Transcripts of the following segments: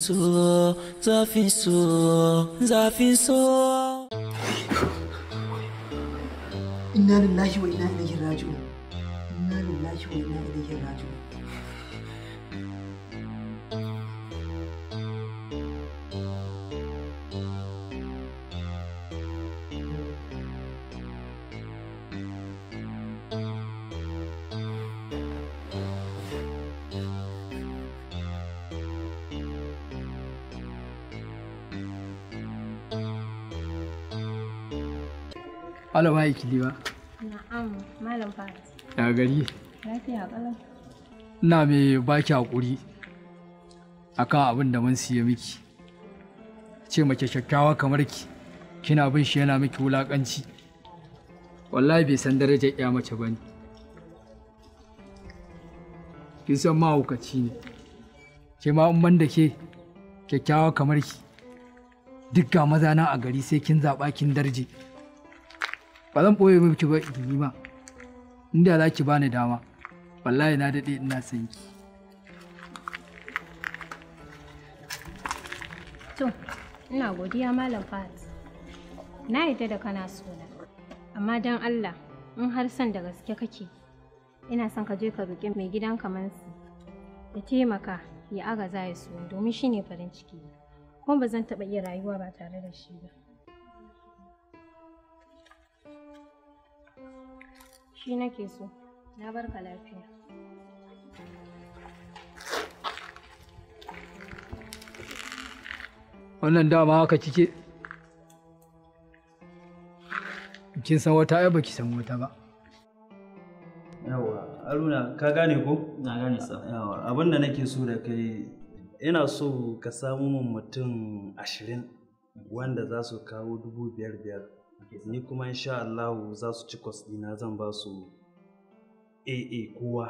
zafin so inna lillahi wa inna ilaihi raji'un inna lillahi wa inna raji'un Malam ba ki liwa. Na'am, Malam Ya Ina mai baki hakuri akan abin da mun siya miki. Ce mace kyakkyawa kamar ki. Kina bin shi yana miki wulakanci. Wallahi bai san darajar iya mace ba ne. Kin san mahaukaci ne. Ke ma in ban ke kyakkyawa kamar ki. dukka maza na a gari sai kin zaɓa kin darje. ba zan ɓoye miki ba ma, inda za ki bani dama wallahi na daɗe ina son ki to ina godiya malam Fahad na yarda da kana na, amma don Allah in har son da gaske kake ina son ka je ka roƙi mai gidan kamansu ya taimaka ya agaza ya so domin shine farin ciki kuma ba zan taɓa iya rayuwa ba tare da shi ba Shi nake so. Na barka lafiya. Wannan dama haka kike kin san wata ai baki san wata ba. Yawa, Haruna ka gane ko? Na gane sa. Yawa, abin da nake so da kai ina so ka samu mutum ashirin wanda za su kawo dubu biyar biyar ni kuma insha Allah za su ci kwas dina zan ba su AA kowa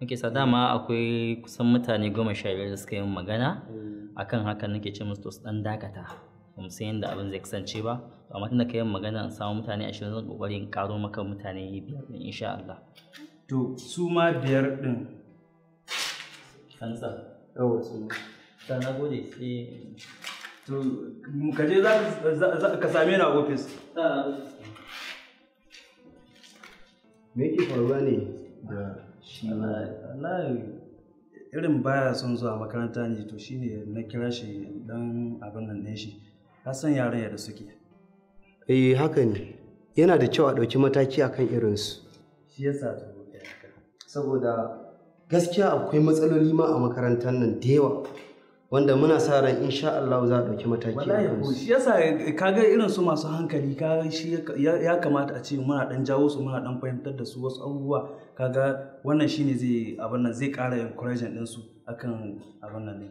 nake sa dama akwai kusan mutane goma sha biyar da suka yi magana eh. akan haka nake ce musu su dan dakata ba san yadda abin zai kasance ba to amma tunda ka yi magana in samu mutane ashirin zan kokari in karo maka mutane biyar din insha Allah to su ma biyar din kansa yawa su ta na gode sai to ka je ka same ni ah, ofis me yake faruwa ne da shi irin baya son zuwa makaranta ne to shine na kira shi dan abin nan ɗin shi Hassan san yaran yadda suke eh haka ne yana da kyau a ɗauki mataki akan irinsu shi yasa ta saboda gaskiya akwai matsaloli ma a makarantar nan da yawa wanda muna sa ran insha Allah za a ɗauki mataki wallahi ko shi yasa kaga irin su masu hankali ka shi ya kamata a ce muna dan jawo su muna dan fahimtar da su wasu abubuwa kaga wannan shine zai abin nan zai ƙara encouragement din su akan abin nan ne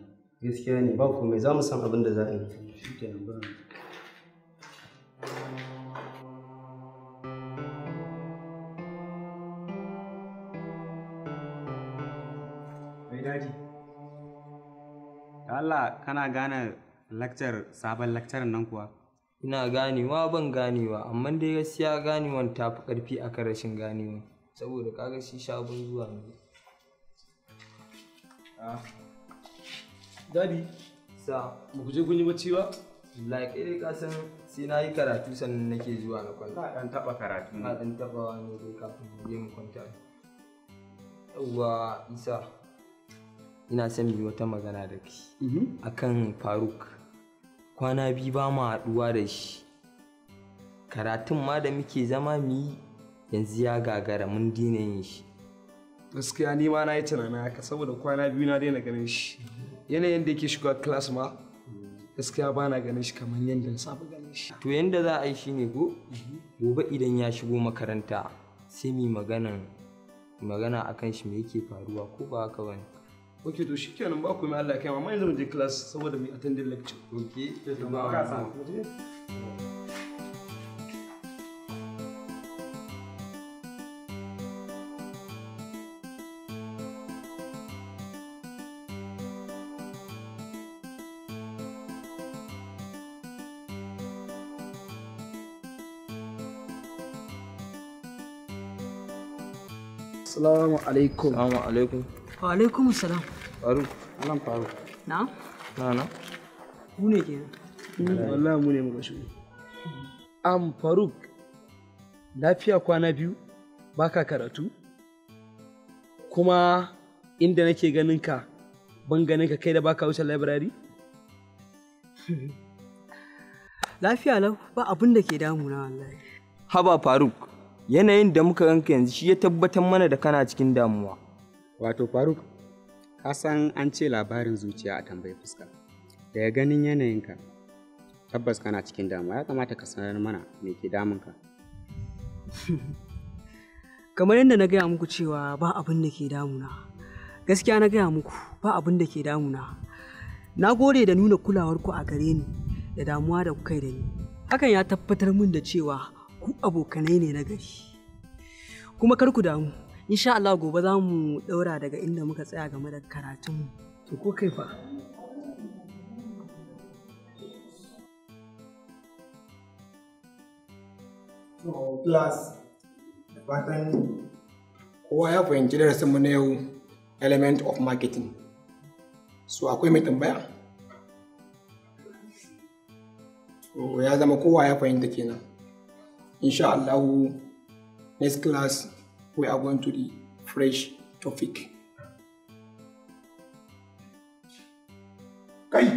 gaskiya ne ba komai za mu san abin da za a yi shikenan kana gane lakcar sabon lakcar nan kuwa ina ganewa ban ganewa amma dai gaskiya ganewan ta fi karfi a rashin ganewa saboda kaga shi sabon zuwa ne ah. Dadi, sa, mu kuje je kun bacci ba? Like, dai ka san sai na yi karatu sannan nake zuwa na kwanta. na dan taɓa karatu. na dan taɓa ne dai kafin mu je mu kwanta. Yawwa, Isa, ina son mu yi wata magana da ke mm-hmm. a kan faruk kwana biyu ba mu haɗuwa da shi karatun ma da muke zama mu yi yanzu ya gagara mun dina yin shi gaskiya ni ma na yi tunanin haka saboda kwana biyu na daina ganin shi yanayin da yake shiga class ma gaskiya ba na ganin shi kamar yadda na saba ganin shi to yanda za a yi shi ne ko mm-hmm. gobe idan ya shigo makaranta sai mu magana magana akan shi me yake faruwa ko ba haka bane ok to shi kenan ba ku mai Allah kai amma yanzu mu je class saboda mu attending lecture ok to ba ka san Assalamu alaikum. Assalamu alaikum. wa السلام salam faru نعم لا مني كده والله مني faruk lafiya kwana biyu baka karatu kuma inda nake ganin ban ganin kai da با wuce library lafiya lau هبا فاروق haba faruk yanayin da muka ganka yanzu shi ya tabbatar mana da kana cikin damuwa Wato Faruk, ka san an ce labarin zuciya a tambayi fuska. Daga ganin yanayinka, tabbas kana cikin damuwa ya kamata ka sanar mana me ke damunka. Kamar yadda na gaya muku cewa ba abin da ke damuna. Gaskiya na gaya muku ba abin da ke damuna. Na gode da nuna kulawar ku a gare ni da damuwa da kuka da ni. Hakan ya tabbatar min da cewa ku abokanai ne na gari. Kuma kar ku damu, insha Allah gobe za mu ɗaura daga inda muka tsaya game da karatun to ko kai fa da kowa ya fahimci darasin mu na yau element of marketing so akwai mai tambaya ya zama kowa ya fahimta kenan insha Allah next class we are going to the fresh topic. Kai,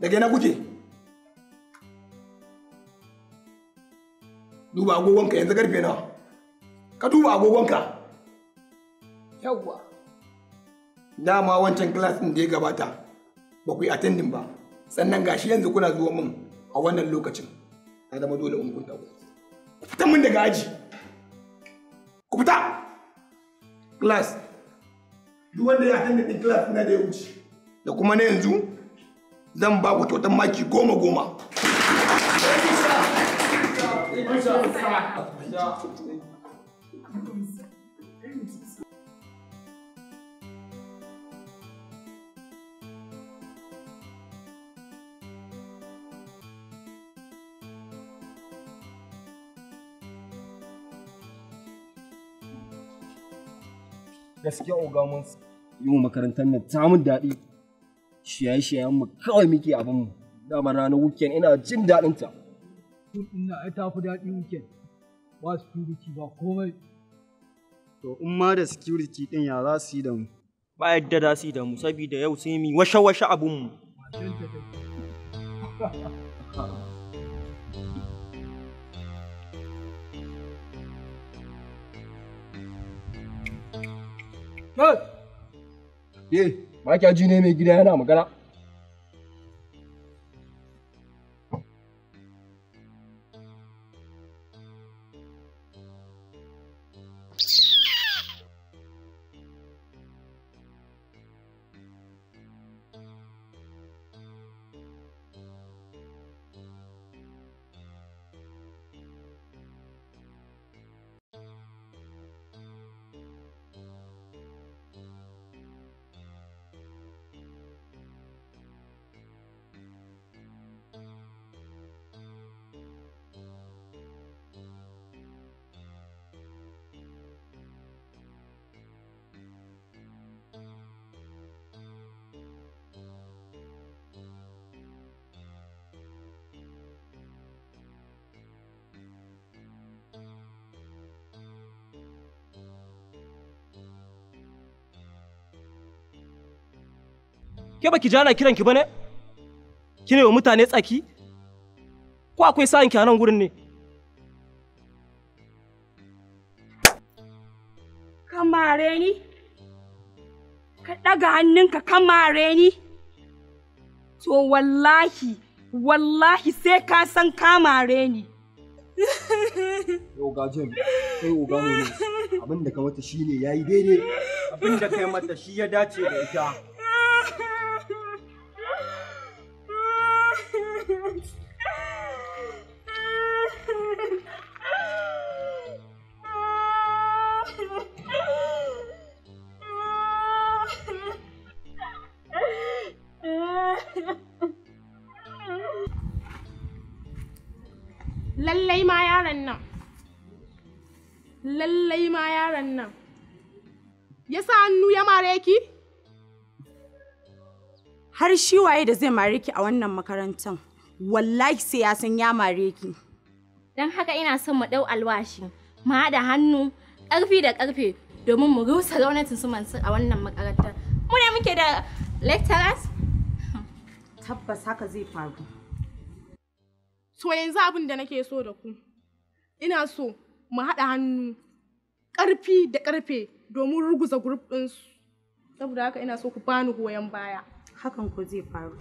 daga na guje. Duba agogonka yanzu karfe nawa. Ka duba agogonka. Yawwa. Dama wancan klasin da ya gabata ba ku yi attending ba. Sannan gashi yanzu kuna zuwa mun a wannan lokacin. Ta zama dole in kun dawo. Fitan mun daga aji. ku fita class duk wanda ya hanga din class na da ya wuce da kuma na yanzu zan ba ku kyautar maki goma goma. gaskiya oga mun yi wa makarantar nan ta mun daɗi shiyaye shiyayen mu kawai muke abin mu dama ranar weekend ina jin daɗin ta ina ai ta fi daɗi weekend ba security ba komai to in ma da security din ya za su yi da mu ba yadda za su yi da mu saboda yau sai mu washe washe abin mu Ke, ba kya ji ne mai gida yana magana? Ke baki jana ana kiran ki bane? Kine wa mutane tsaki? Ko akwai sa'in ki a nan gurin ne? Kamare ni? Ka ɗaga hannunka kamare ni? To wallahi, wallahi sai ka san kamare ni. Yau gajin, kai ogano ne, abin da ka mata shine ne ya yi daidai, abin da ka mata shi ya dace da ita. lallai ma yaron nan lallai ma yaron nan ya sa hannu ya mare ki har shi waye da zai mare ki a wannan makarantar wallahi sai ya san ya mare ki. Don haka ina son mu ɗau alwashi, mu haɗa hannu, ƙarfi da ƙarfe domin mu rusa gwamnatin su Mansur a wannan makarantar. Mu ne muke da lecturers? Tabbas haka zai faru. To yanzu abin da nake so da ku, ina so mu haɗa hannu ƙarfi da ƙarfe domin ruguza grup su Saboda haka ina so ku bani goyon baya. Hakan ko zai faru.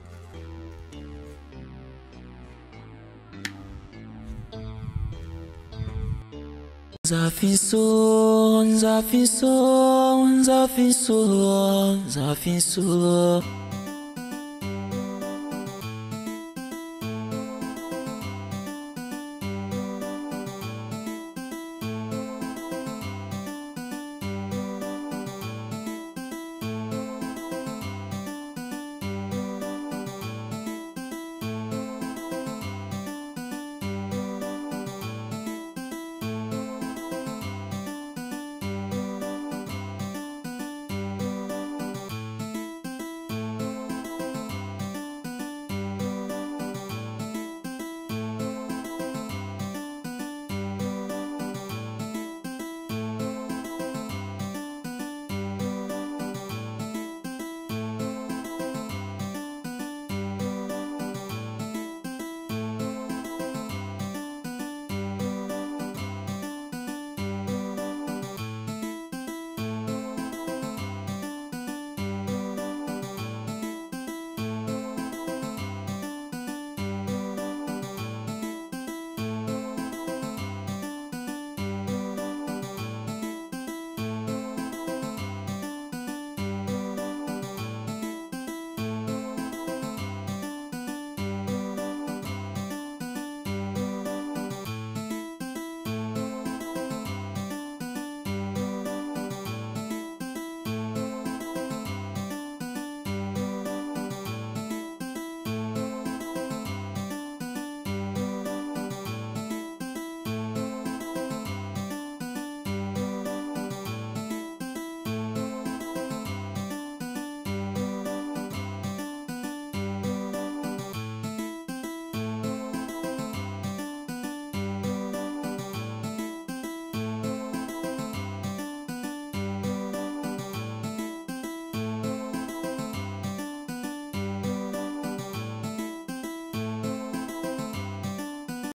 Zafin so, zafin so, zafin so, zafin so.